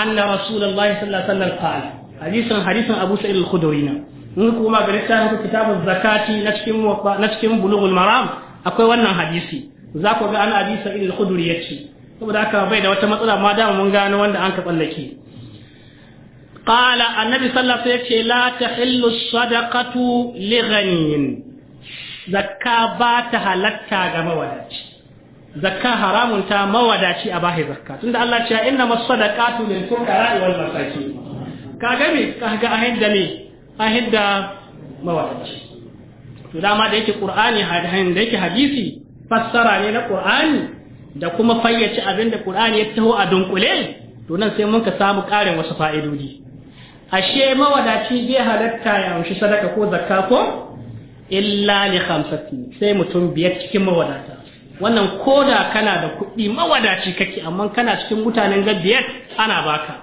anna rasulullahi sallallahu alaihi wasallam qala abu sa'id al-khudri na in kuma ga littafin ku kitabun zakati na cikin na cikin bulughul maram akwai wannan hadisi za ku ga an abi sa'id al-khudri yace saboda haka bai da wata matsala ma da mun gano wanda an ka tsallake qala annabi sallallahu alaihi wasallam yace la tahillu sadaqatu li ghaniyin zakka ba ta halatta ga mawadaci zakka haramun ta mawadaci a bahi zakka tunda Allah ya ce inna masadaqatu lil fuqara wal masakin kaga me kaga ahin da me ka hidda mawadaci to dama da yake qur'ani da yake hadisi fassara ne na ƙur'ani, da kuma fayyace abin da qur'ani ya taho a dunkule to nan sai mun ka samu ƙarin wasu fa'idodi ashe mawadaci zai halatta ya wuce sadaka ko zakka ko illa li khamsati sai mutum biyar cikin mawadata wannan koda kana da kuɗi mawadaci kake amma kana cikin mutanen ga ana baka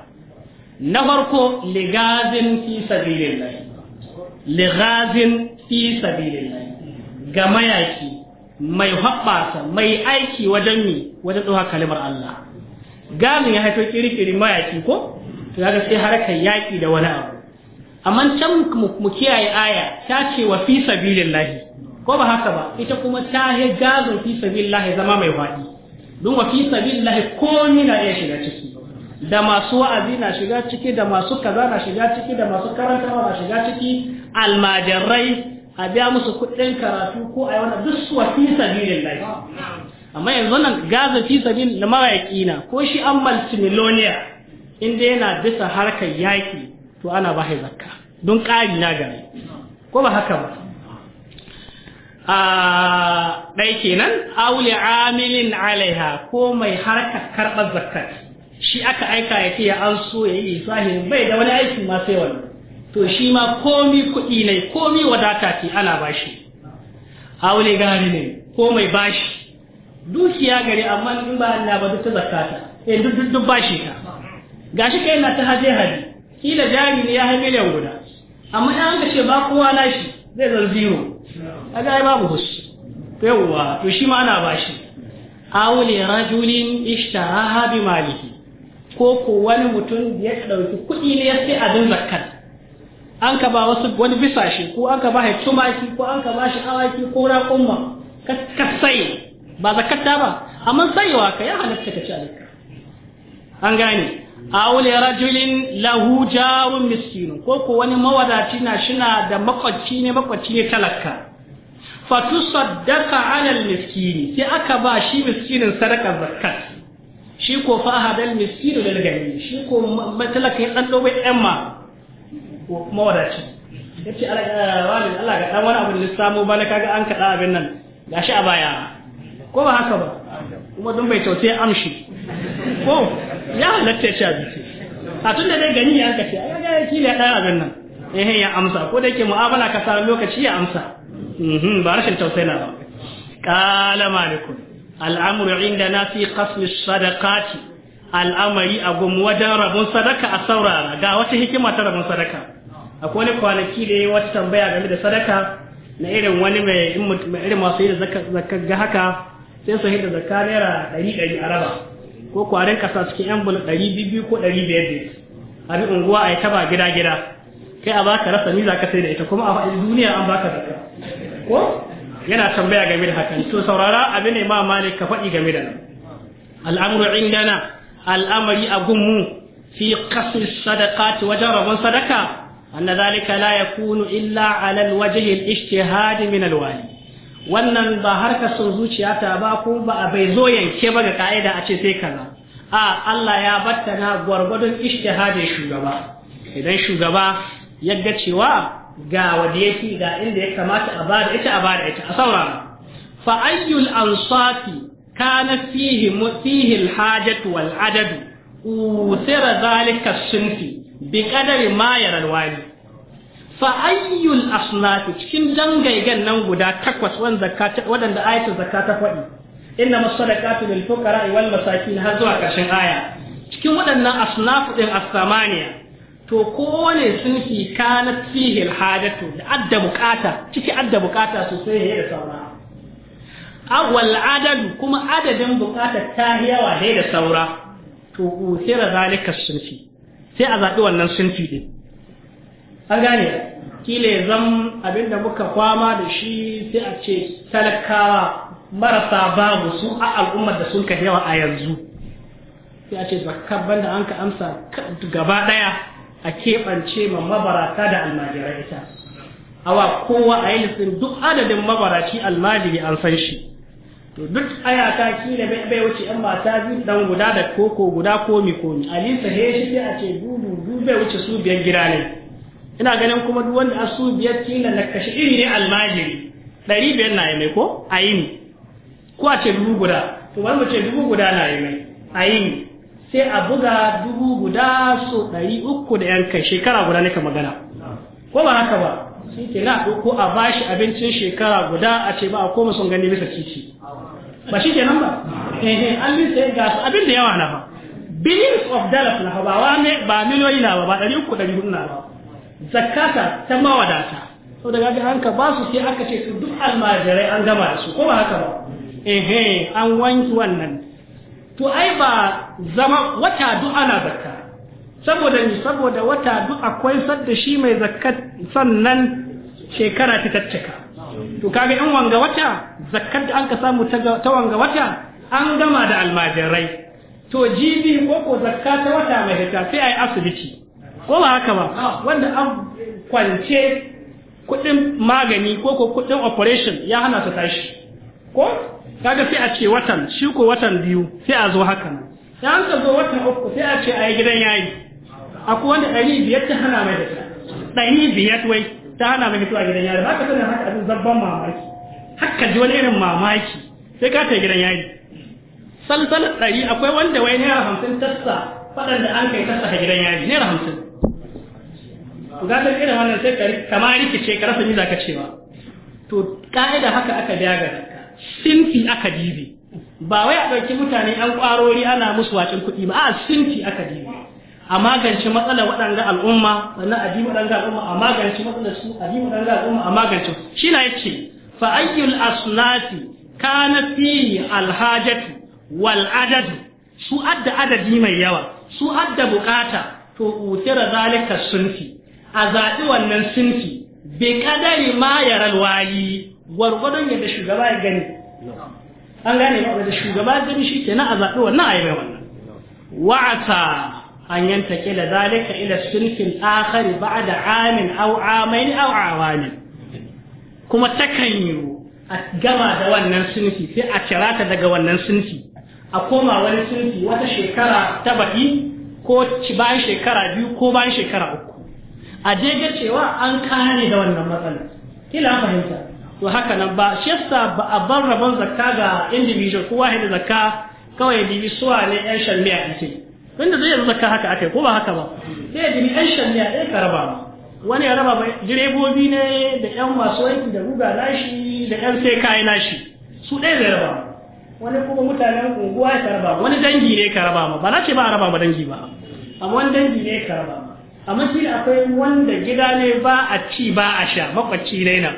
na farko ligazin fi sabilillah lighazin fi sabilillah ga mayaki mai haɓasa mai aiki wajen mi wajen ɗaukar kalimar Allah gamin ya haifar kirikiri mayaki ko to ga sai harkar yaƙi da wani abu amma can mu kiyaye aya ta ce wa fi sabilillahi ko ba haka ba ita kuma ta yi gazon fi lahi zama mai faɗi don wa fi ko komi na iya shiga ciki da masu wa'azi na shiga ciki da masu kaza na shiga ciki da masu karantawa na shiga ciki almajirai a biya musu kuɗin karatu ko a yi wani duk suwa fi sabilin lai amma yanzu nan gaza fi sabilin na mawaƙi na ko shi an multimillionaire inda yana bisa harkar yaƙi to ana ba zakka don ƙari na gari ko ba haka ba a ɗai kenan aule amilin alaiha ko mai harkar karɓar zakkar shi aka aika ya ce ya an so ya yi sahihin bai da wani aiki ma sai to shi ma komi kuɗi ne komi wadata ce ana bashi aure gari ne ko mai bashi dukiya gari amma in ba Allah ba duk ta zakata eh duk duk duk bashi ta gashi kai na ta haje haji kila jari ne ya hai da guda amma an ka ce ba kowa na shi zai zan zero kaga ai babu hus yawa to shi ma ana bashi aure rajulin ishtaraha bi maliki ko ko wani mutum ya dauki kuɗi ne ya sai abin zakat an ka ba wasu wani bisa shi ko an ka ba shi tumaki ko an ka ba shi awaki ko raƙumma ka sai ba zakatta ba amma sayewa ka ya halatta ka ci alaka an gane aw rajulin lahu jarun ko ko wani mawadaci na shina da makwacci ne makwacci ne talaka fa tusaddaqa ala al sai aka ba shi miskinin sadaka zakat shi ko fa hadal miskin da gani shi ko matalaka ya dan dobe ɗan ma Kuma wadace ya ce eh, Allah ga ɗan wani abu da samu ba na kaga an kaɗa abin nan gashi a baya ko ba haka ba kuma don bai kyautai amshi ko ya halatta ya a abinci a tun da dai gani ya kace a ga ya kila ɗaya abin nan eh ya amsa ko da yake mu'amala ka sa lokaci ya amsa mhm, ba rashin tausayi na ba qala malikun al'amuru inda na fi kasmi sadakati al'amari a gumuwajen rabon sadaka a saurara ga wata hikima ta rabon sadaka akwai wani kwanaki da ya wata tambaya game da sadaka na irin wani mai irin masu yi da za'ka ga haka sai su da za'ka naira ɗari ɗari a raba ko kwarin kasa cikin yan bulu ɗari biyu ko ɗari biyar biyar a bi unguwa a yi taba gida gida kai a baka rasa ni ka sai da ita kuma a faɗi duniya an baka zaka ko yana tambaya game da hakan to saurara abin ne ma malik ka faɗi game da nan indana al'amari a gunmu fi qasr sadaqati wajen rabon sadaka أن ذلك لا يكون إلا على الوجه الاجتهاد min alwali. wannan ba harka son zuciya ta ba ko ba a bai zo yanke ba ga ka'ida a ce sai kaza a Allah ya battana gwargwadon ijtihadin shugaba idan shugaba ya ga cewa ga wanda yake ga inda ya kamata a bada ita a bada ita a saurara fa ayyul ansafi kana fihi fihi al-hajatu wal adadu usira zalika sunfi bi kadari ma yaral wali fa cikin dangaigan nan guda takwas waɗanda zakata wadanda ayatul zakata faɗi inna masadaqatu lil fuqara wal masakin har zuwa karshen aya cikin waɗannan asnaf din to samaniya to sun fi kana fihi hadatu da adda bukata ciki adda bukata sosai da saura awwal adadu kuma adadin bukatar ta yawa da saura to usira zalika sunfi sai a zaɓi wannan sunfi ɗin an gane kila zan abinda muka kwama da shi sai a ce talakawa marasa babu su a al'ummar da sun yawa a yanzu sai a ce zakar da an ka amsa gaba ɗaya a keɓance ma mabarata da almajirai ita awa kowa a yi duk adadin mabaraci almajiri an san shi to duk aya ta ne bai wuce yan mata biyu dan guda da koko guda komi komi ali he shi sai a ce dudu du bai wuce su biyar gida ne ina ganin kuma duk wanda asu biyar kila na kashi iri ne almajiri ɗari biyar na yi mai ko a yi ko a ce dubu guda to wani ce dubu guda na yi mai a yi sai a buga dubu guda so ɗari uku da yan kai shekara guda ne ka magana ko ba haka ba shi ke na ko a bashi abincin shekara guda a ce ba a koma sun gani bisa titi ba shi ke nan ba ehe eh, an lissa ga su abin da yawa na ba billions of dollars na ba wa ne ba miliyoyi na ba ba ɗari uku ɗari hudu na ba zakata ta mawadata sau daga ga hanka ba su sai aka ce su duk almajirai an gama da su ko ba haka ba ehe eh, an wanki wannan to ai ba zama wata duk ana zakka saboda ni saboda wata duk akwai sadda shi mai zakka sannan shekara ta taccaka to kaga in wanga wata zakat da an ka samu ta wanga wata an gama da almajirai to jibi ko ko zakka ta wata mai hita sai ai asibiti ko ba haka ba ah. wanda an kwance kudin magani ko ko kudin operation ya hana su tashi ko kaga sai a ce watan shi ko watan biyu sai a zo haka nan sai an ka zo watan uku sai a ce ai gidan yayi akwai wanda ɗari biyar ta hana mai da ta, ɗari biyar wai ta hana mai da fitowa gidan yari ba ka sanin haka abin zabban mamaki haka ji wani irin mamaki sai ka tai gidan yari salsal ɗari akwai wanda wai naira hamsin tassa faɗan da an kai tassa a gidan yari naira hamsin ga ta irin wannan sai kari kamar rikice ka rasa ni ka cewa to ka'ida haka aka biya ga sinfi aka dibi ba wai a ɗauki mutane an ƙwarori ana musu wacin kuɗi ba a sinfi aka dibi a magance matsalar waɗanda al'umma sannan a bi waɗanda al'umma a magance matsalar su a bi waɗanda al'umma a magance shi na yace fa ayyul asnafi kana fihi alhajatu wal adadu su adda adadi mai yawa su adda bukata to utira zalika sunfi a zaɓi wannan sunfi bi kadari ma yaral wali gwargwadon yadda shugaba ya gani an gane ba da shugaba gani shi kenan a zaɓi wannan a yi mai wannan wa'ata an yanta kila zalika ila sulhin akhari ba'da amin aw amain aw awani kuma takan yi a gama da wannan sunfi sai a kira ta daga wannan sunfi a koma wani sunfi wata shekara ta baki ko bayan shekara biyu ko bayan shekara uku a je cewa an kare da wannan matsala kila fahimta to haka nan ba shi yasa ba a bar rabon zakka ga individual ko wahidi zakka kawai bibi suwa ne yan shalmiya ake tunda zai yanzu zakka haka akai ko ba haka ba sai jiri ɗan shanniya ɗaya ka raba wani ya raba direbobi ne da ƴan masu wanki da ruga nashi da ƴan sai kayi nashi su ɗaya zai raba wani kuma mutanen unguwa ya raba wani dangi ne ka raba ma ba na ce ba a raba ma dangi ba amma wani dangi ne ka raba ma amma shi akwai wanda gida ne ba a ci ba a sha makwacci ne nan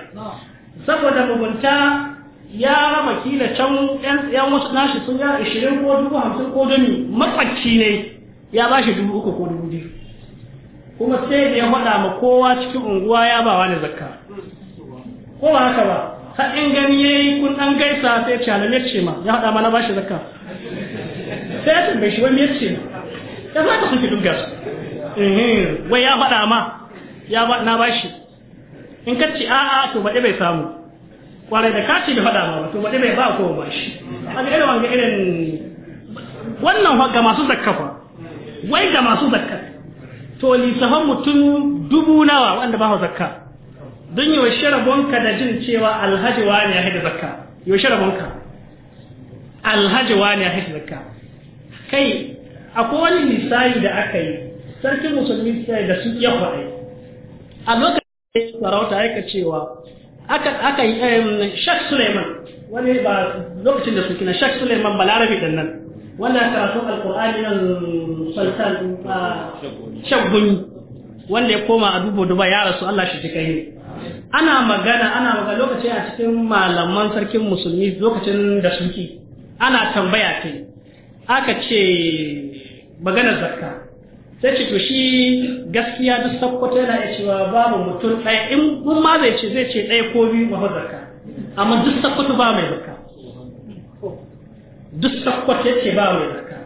saboda mugunta ya raba kila can yan wasu nashi sun ya ishirin ko dubu hamsin ko dami matsacci ne ya ba shi dubu uku ko dubu biyu kuma sai da ya faɗa ma kowa cikin unguwa ya ba wani zakka ko ba haka ba har in gani ya yi kun ɗan gaisa sai ce halal ce ma ya ma na ba shi zakka sai ya tambaye shi wani ya ce ya fata sun ki dubga su wai ya faɗa ma ya ba na ba shi in ka ce a'a to ba bai samu kwarai da kaci da faɗa ba to ba bai ba ko ba shi a irin irin wannan ga masu zakka fa wai ga masu zakka to lissafan mutum dubu nawa wanda ba zakka don yi wa sharabonka da jin cewa alhaji wani ya haɗa zakka yi wa sharabonka alhaji wani ya haɗa zakka kai akwai wani misali da aka yi sarkin musulmi da su iya kwarai a lokacin da ya farauta aika cewa aka aka Sheikh Suleiman wani ba lokacin da suke na Sheikh Suleiman Balarabi da nan wannan karatu alqur'ani nan sultan shagun wanda ya koma a dubo ya rasu Allah shi yi ana magana ana magana lokacin a cikin malaman sarkin musulmi lokacin da suke ana tambaya ce aka ce maganar zakka sai ce to shi gaskiya duk sakkwato yana iya cewa babu mutum ɗaya in kun ma zai ce zai ce ɗaya ko biyu ba zakka amma duk sakkwato ba mai zarka duk sakkwato ya ce ba mai zarka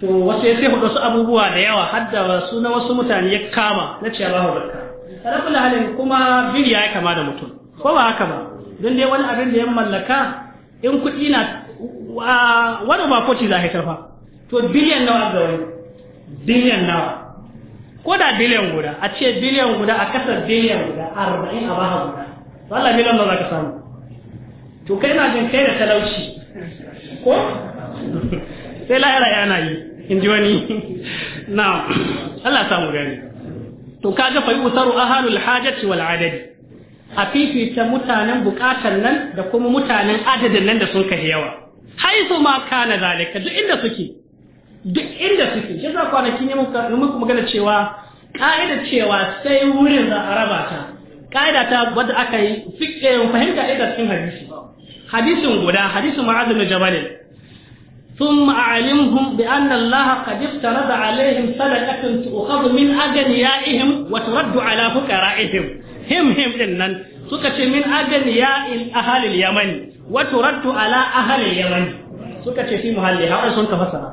to wasu ya sai hudu su abubuwa da yawa hadda wasu na wasu mutane ya kama na ce ba zakka sarrafa da halin kuma biyu ya kama da mutum ko ba haka ba don dai wani abin da ya mallaka in kuɗi na wani ba kwaci za a haitar to biliyan nawa ga wani biliyan nawa ko da biliyan guda a ce biliyan guda a kasar biliyan guda arba'in a baha guda wallah miliyan ba za ka samu to kai na jin kai da talauci ko sai la'ira yana yi in ji wani na Allah samu gani to kaga fa a ahalul hajati wal adadi a fifita mutanen bukatan nan da kuma mutanen adadin nan da sun kai yawa haisu ma kana zalika duk inda suke duk inda suke shi za kwanakin yi muku magana cewa ka'ida cewa sai wurin za a raba ta ka'ida ta wadda aka yi fiƙe fahim ka'ida cikin hadisin guda hadisin ma'azin jabalin sun ma'alin hun bi an laha kajif ta raba alaihim sadakatun su ukhadu min agani ya ihim raddu ala fukara ihim him him din nan suka ce min agani ya ahalil yamani wata raddu ala ahalil yamani suka ce fi muhalli haɗar sun tafasa. fasara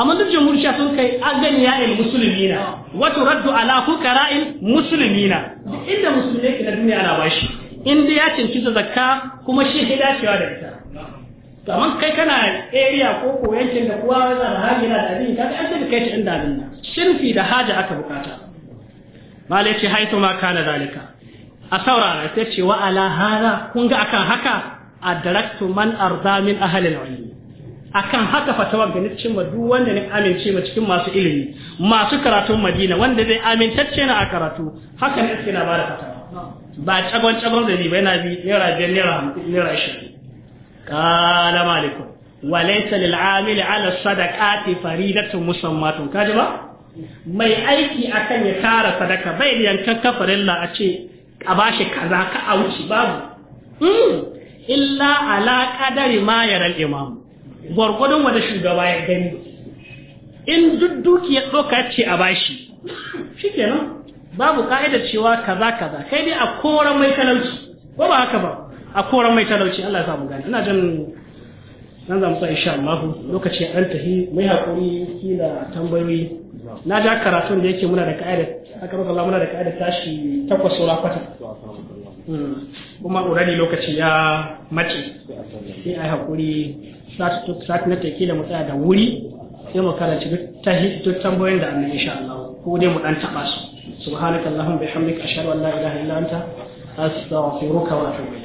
amma duk jamhur sha sun kai agan ya'il musulmina wato raddu ala fukara'il musulmina inda musulmi ke na duniya na bashi in dai ya cinci da zakka kuma shi ya dacewa da ita To kamar kai kana area ko ko yankin da kowa yana da haji yana da abin ka ga an kai shi inda abin nan shirfi da haja aka bukata malai ce haitu ma kana zalika a saurara sai ce wa ala hada kun ga akan haka adraktu man arda min ahli ilmi akan haka fatawar da ni cimma duk wanda ni amince ma cikin masu ilimi masu karatun Madina wanda zai amintacce na a karatu haka ne suke na ba da fatawa ba tsagon tsagon da ni ba yana bi naira biyar naira naira ashirin kala malikun wa laysa lil amil ala sadaqati faridatun musammatun kaji ba mai aiki akan ya tara sadaka bai da yankan kafarilla a ce a bashi kaza ka a wuce babu hmm. illa ala qadari ma yaral imamu gwargwadon wani shugaba ya gani in duk ya ɗauka ce a bashi shi nan babu ka'idar cewa kaza kaza kai dai a koran mai talauci ko ba haka ba a koran mai talauci Allah ya samu gani ina jin nan zamu sa insha Allah lokaci an tafi mai hakuri kila tambayoyi na ja karatun da yake muna da ka'idar haka maka Allah muna da ka'idar tashi takwas sura kwata hmm. kuma already lokaci ya mace sai ai hakuri sati na take da mu tsaya da wuri sai mu karanci duk tambayoyin da annabi insha Allah ko dai mu dan taba su subhanakallahumma bihamdika ashhadu an la ilaha illa anta astaghfiruka wa atubu